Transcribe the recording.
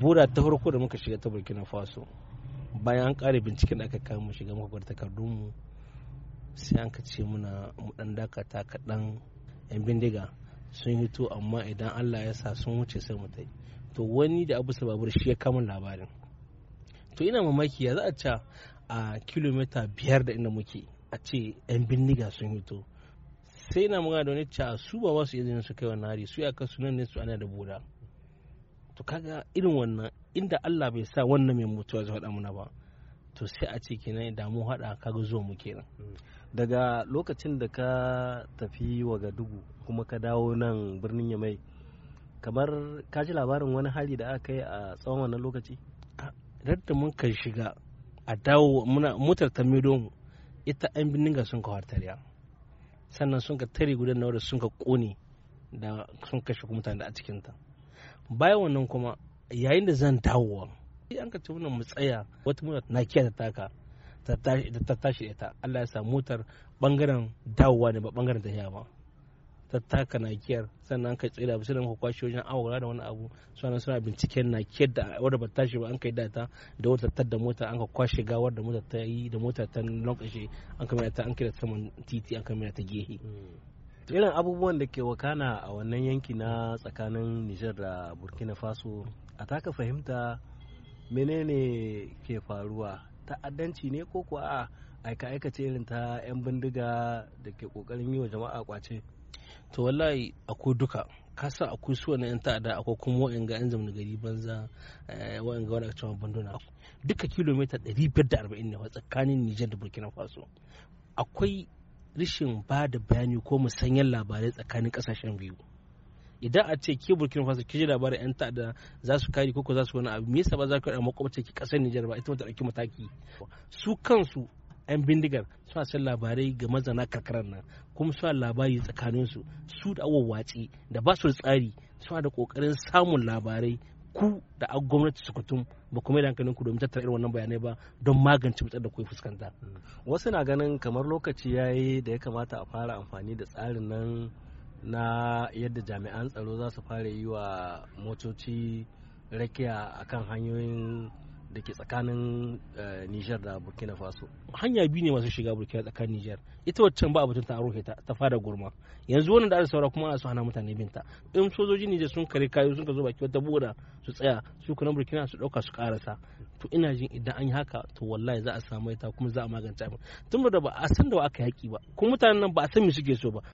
bura ta farko da muka shiga ta burkina faso bayan an kare binciken da aka kawo mu shiga muka gwada takardunmu sai an ka ce muna mu dan dakata kaɗan yan bindiga sun hito amma idan allah ya sa sun wuce sai mu tai to wani da abu babur shi ya kama labarin to ina mamaki ya za a ca a kilomita biyar da inda muke a ce yan bindiga sun hito sai na magana da wani ca su ba su izinin su kai wani hari su ya kasu nan ne su ana da bura to kaga irin wannan inda Allah bai sa wannan mai mutuwa zai faɗa muna ba to sai a ce kenan da mu haɗa kaga zo mu kenan hmm. daga lokacin da ka tafi waga dugu kuma ka dawo nan birnin yamai kamar ka ji labarin wani hali da aka yi a tsawon wannan lokaci radda mun kan shiga a dawo muna motar ta mu ita an ga sun ka hartariya sannan sun ka tare gudan na sun ka kone da sun kashe mutane a cikinta bayan wannan kuma yayin da zan dawowa an ka ce wannan mu tsaya wata mota na kiya ta taka ta tashi da ta Allah ya sa motar bangaren dawowa ne ba bangaren tafiya ba ta taka na kiyar sannan ka tsira bisa nan ka kwashe wajen awara da wani abu sannan suna binciken na kiyar da wadda ba tashi ba an kai data da wata tattar da mota an ka kwashe gawar da mota ta yi da mota ta lokashe an kamar ta an kira saman titi an kamar ta gehe hmm. irin abubuwan da ke wakana a wannan yanki na tsakanin nijar da burkina faso a taka fahimta menene ke faruwa ta'addanci ne ko kuwa a aika-aikace irin ta 'yan bindiga da ke kokarin yi wa jama'a kwace to wallahi akwai duka kasa akwai su wani yan ta'ada akwai kuma wa'in ga yan zamani gari banza eh, wa'in ga wani cewa banduna duka kilomita 540 ne tsakanin Nijar da Burkina Faso akwai rishin ba da bayani ko musanyen labarai tsakanin kasashen biyu idan a ce ke burkina faso ki ji labarin yan ta'adda za su kare ko za su wani abu me yasa ba za ka ɗauki makwabta ki kasar nijar ba ita wata ta mataki su kansu yan bindigar suna san labarai ga mazana karkarar nan kuma suna labari tsakanin su su da awawwaci da ba su da tsari suna da kokarin samun labarai ku da a gwamnati su kutum ba kuma da ku domin tattara irin wannan bayanai ba don magance matsalar da ku fuskanta hmm. wasu na ganin kamar lokaci ya yi da ya kamata a fara amfani da tsarin nan na yadda jami'an tsaro za su fara yi wa motoci rakiya akan hanyoyin da ke tsakanin eh, Nijar da Burkina Faso. Hanya biyu ne masu shiga Burkina tsakanin Nijar. Ita waccan ba batun ta aroke ta ta fara gurma. Yanzu wannan da aka saura kuma ana so hana mutane binta. In sojojin Nijar sun kare kayo sun ka zo baki wata boda su tsaya su kuma Burkina su dauka su karasa. To ina jin idan an yi haka to wallahi za a samu ita kuma za a magance abin. Tun da ba a san da aka yaki ba. Kuma mutanen nan ba a san me suke so ba.